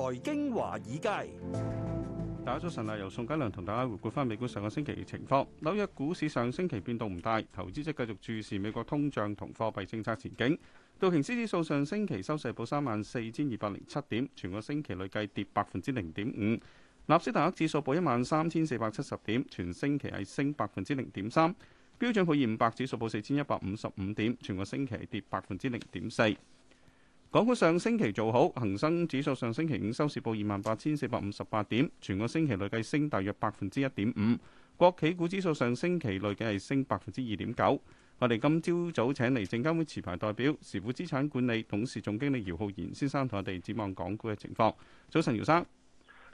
財經華爾街，大家早晨啊！由宋嘉良同大家回顧翻美股上個星期嘅情況。紐約股市上星期變動唔大，投資者繼續注視美國通脹同貨幣政策前景。道瓊斯指數上星期收市報三萬四千二百零七點，全個星期累計跌百分之零點五。納斯達克指數報一萬三千四百七十點，全星期係升百分之零點三。標準普爾五百指數報四千一百五十五點，全個星期跌百分之零點四。港股上星期做好，恒生指數上星期五收市報二萬八千四百五十八點，全個星期累計升大約百分之一點五。國企股指數上星期累計係升百分之二點九。我哋今朝早請嚟證監會持牌代表時富資產管理董事總經理姚浩然先生同我哋展望港股嘅情況。早晨，姚生。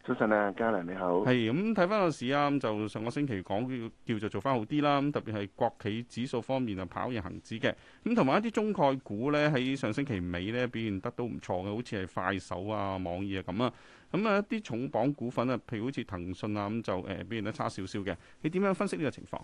早晨啊，嘉良你好。係咁睇翻個市啊，咁、嗯嗯、就上個星期講叫叫做做翻好啲啦。咁特別係國企指數方面啊，跑贏恒指嘅。咁同埋一啲中概股咧，喺上星期尾咧表現得都唔錯嘅，好似係快手啊、網易啊咁啊。咁、嗯、啊、嗯、一啲重磅股份啊，譬如好似騰訊啊咁、嗯、就誒、呃、表現得差少少嘅。你點樣分析呢個情況？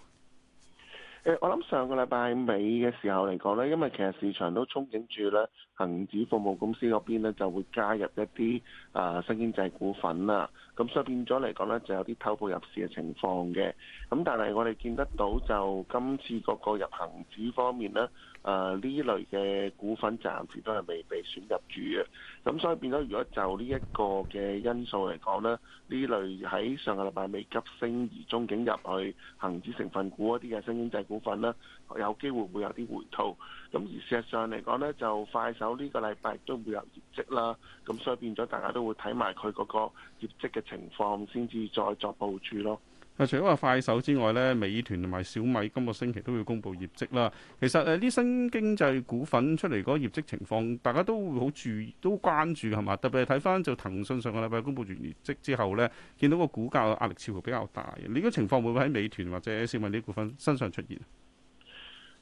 誒，我諗上個禮拜尾嘅時候嚟講呢，因為其實市場都憧憬住呢，恒指服務公司嗰邊呢就會加入一啲啊、呃、新經濟股份啦，咁所以變咗嚟講呢就有啲偷步入市嘅情況嘅，咁但係我哋見得到就今次嗰個入恒指方面呢。誒呢、呃、類嘅股份暫時都係未被選入住嘅，咁所以變咗，如果就呢一個嘅因素嚟講咧，呢類喺上個禮拜未急升而中景入去恒指成分股一啲嘅新經濟股份呢，有機會會有啲回吐。咁而事實上嚟講呢就快手呢個禮拜都會有業績啦，咁所以變咗大家都會睇埋佢嗰個業績嘅情況，先至再作部署咯。除咗話快手之外呢，美團同埋小米今個星期都會公布業績啦。其實誒，啲、呃、新經濟股份出嚟嗰個業績情況，大家都會好注意，都關注係嘛？特別係睇返就騰訊上個禮拜公布完業績之後呢，見到個股價壓力似乎比較大。呢個情況會唔會喺美團或者小米啲股份身上出現？誒、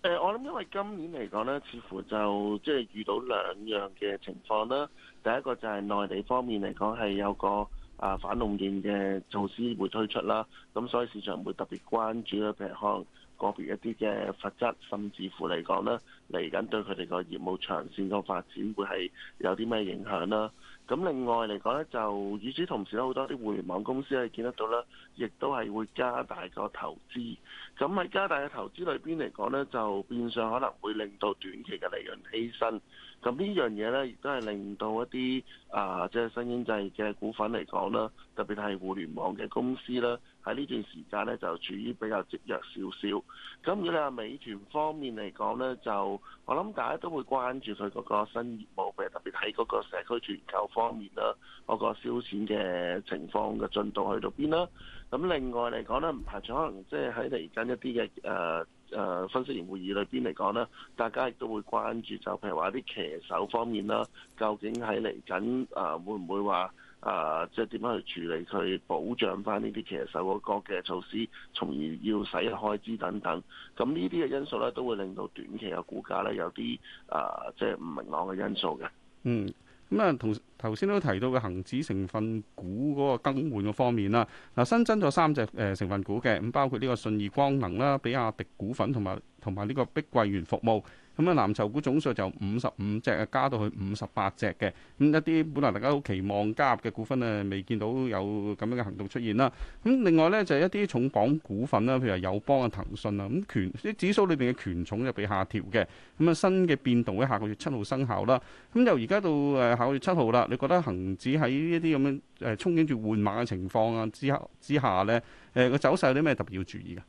呃，我諗因為今年嚟講呢，似乎就即係、就是、遇到兩樣嘅情況啦。第一個就係內地方面嚟講係有個。啊！反壟斷嘅措施會推出啦，咁所以市場會特別關注咧，譬如可能個別一啲嘅罰則，甚至乎嚟講咧，嚟緊對佢哋個業務長線個發展會係有啲咩影響啦。咁另外嚟講呢，就與此同時咧，好多啲互聯網公司係見得到啦，亦都係會加大個投資。咁喺加大嘅投資裏邊嚟講呢，就變相可能會令到短期嘅利潤犧牲。咁呢樣嘢咧，亦都係令到一啲啊、呃，即係新經濟嘅股份嚟講啦，特別係互聯網嘅公司啦，喺呢段時間咧就處於比較薄弱少少。咁如果你話美團方面嚟講咧，就我諗大家都會關注佢嗰個新業務，特別喺嗰個社區團購方面啦，嗰、那個燒錢嘅情況嘅進度去到邊啦。咁另外嚟講咧，唔排除可能即係喺嚟緊一啲嘅誒。呃誒分析員會議裏邊嚟講咧，大家亦都會關注就譬如話啲騎手方面啦，究竟喺嚟緊誒會唔會話誒即係點樣去處理佢保障翻呢啲騎手個嘅措施，從而要使用開支等等。咁呢啲嘅因素咧，都會令到短期嘅股價咧有啲誒即係唔明朗嘅因素嘅。嗯。咁啊、嗯，同頭先都提到嘅恒指成分股嗰個更換嘅方面啦。嗱、啊，新增咗三隻誒、呃、成分股嘅，咁包括呢個信義光能啦、比亞迪股份同埋同埋呢個碧桂園服務。咁啊，藍籌股總數就五十五隻啊，加到去五十八隻嘅。咁一啲本來大家好期望加入嘅股份咧，未見到有咁樣嘅行動出現啦。咁另外咧就係一啲重磅股份啦，譬如話友邦啊、騰訊啊，咁權啲指數裏邊嘅權重就被下調嘅。咁啊，新嘅變動喺下個月七號生效啦。咁由而家到誒下個月七號啦，你覺得恒指喺呢一啲咁樣誒憧憬住換馬嘅情況啊之之下咧，誒個走勢有啲咩特別要注意嘅？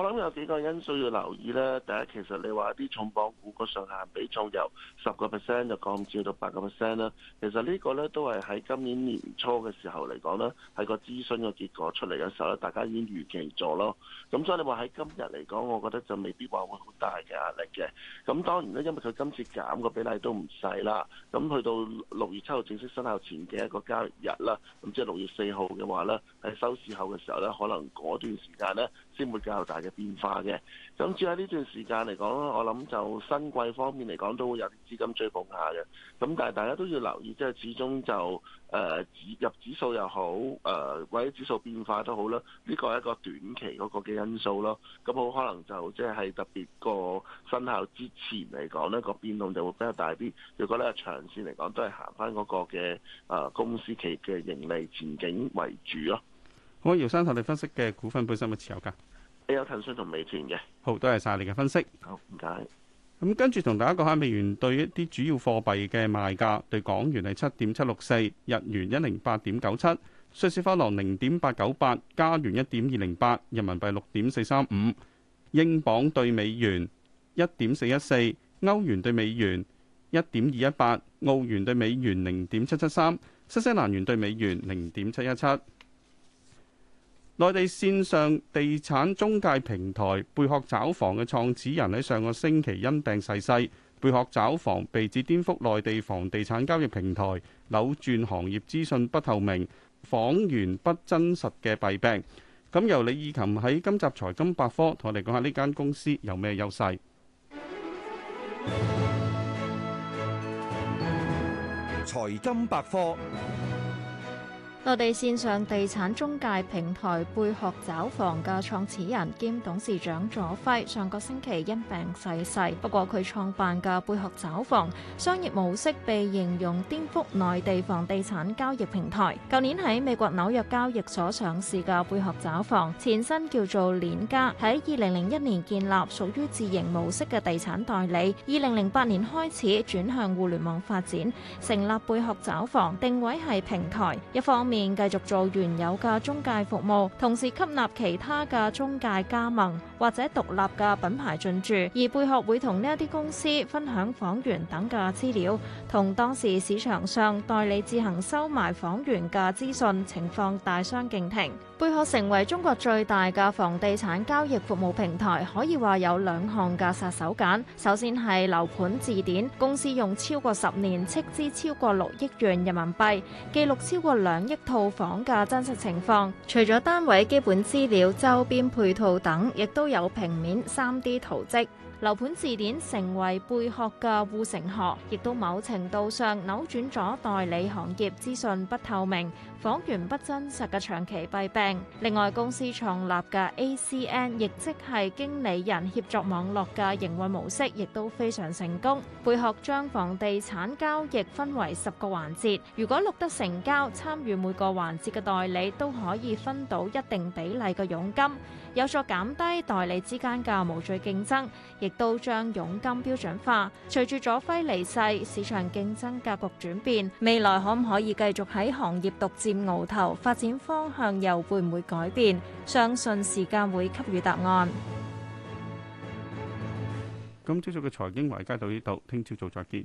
我諗有幾個因素要留意呢。第一，其實你話啲重磅股個上限比重由十個 percent 就降至到八個 percent 啦。其實呢個呢都係喺今年年初嘅時候嚟講呢，喺個諮詢嘅結果出嚟嘅時候呢，大家已經預期咗咯。咁所以你話喺今日嚟講，我覺得就未必話會好大嘅壓力嘅。咁當然呢，因為佢今次減個比例都唔細啦。咁去到六月七號正式生效前嘅一個交易日啦，咁即係六月四號嘅話呢，喺收市後嘅時候呢，可能嗰段時間呢，先會較大嘅變化嘅，咁至喺呢段時間嚟講咧，我諗就新季方面嚟講，都會有啲資金追捧下嘅。咁但係大家都要留意，即係始終就誒、呃、指入指數又好，誒或者指數變化都好啦，呢個係一個短期嗰個嘅因素咯。咁好可能就即係特別過生效之前嚟講呢、那個變動就會比較大啲。如果咧長線嚟講，都係行翻嗰個嘅誒、呃、公司企業嘅盈利前景為主咯。好，姚生同你分析嘅股份，本身係持有㗎。你有騰訊同美團嘅，好，多謝晒你嘅分析。好，唔該。咁跟住同大家講下美元對一啲主要貨幣嘅賣價，對港元係七點七六四，日元一零八點九七，瑞士法郎零點八九八，加元一點二零八，人民幣六點四三五，英鎊對美元一點四一四，歐元對美元一點二一八，澳元對美元零點七七三，新西蘭元對美元零點七一七。內地線上地產中介平台貝殼找房嘅創始人喺上個星期因病逝世，世，貝殼找房被指顛覆內地房地產交易平台，扭轉行業資訊不透明、房源不真實嘅弊病。咁由李義琴喺今集財金百科同我哋講下呢間公司有咩優勢？財金百科。內地線上地產中介平台貝殼找房嘅創始人兼董事長左輝上個星期因病逝世，世。不過佢創辦嘅貝殼找房商業模式被形容顛覆內地房地產交易平台。舊年喺美國紐約交易所上市嘅貝殼找房，前身叫做鏈家，喺二零零一年建立，屬於自營模式嘅地產代理。二零零八年開始轉向互聯網發展，成立貝殼找房，定位係平台一方。面繼續做原有嘅中介服務，同時吸納其他嘅中介加盟或者獨立嘅品牌進駐。而貝殼會同呢一啲公司分享房源等嘅資料，同當時市場上代理自行收買房源嘅資訊情況大相徑庭。貝殼成為中國最大嘅房地產交易服務平台，可以話有兩項嘅殺手鐧。首先係樓盤字典，公司用超過十年斥資超過六億元人民幣，記錄超過兩億。套房嘅真實情況，除咗單位基本資料、周邊配套等，亦都有平面三 D 圖則。樓盤字典成為貝殼嘅護城河，亦都某程度上扭轉咗代理行業資訊不透明、房源不真實嘅長期弊病。另外，公司創立嘅 ACN，亦即係經理人協作網絡嘅營運模式，亦都非常成功。貝殼將房地產交易分為十個環節，如果錄得成交，參與每個環節嘅代理都可以分到一定比例嘅佣金。有助減低代理之間嘅無序競爭，亦都將佣金標準化。隨住左暉離世，市場競爭格局轉變，未來可唔可以繼續喺行業獨佔鰲頭？發展方向又會唔會改變？相信時間會給予答案。今朝早嘅財經華爾街到呢度，聽朝早再見。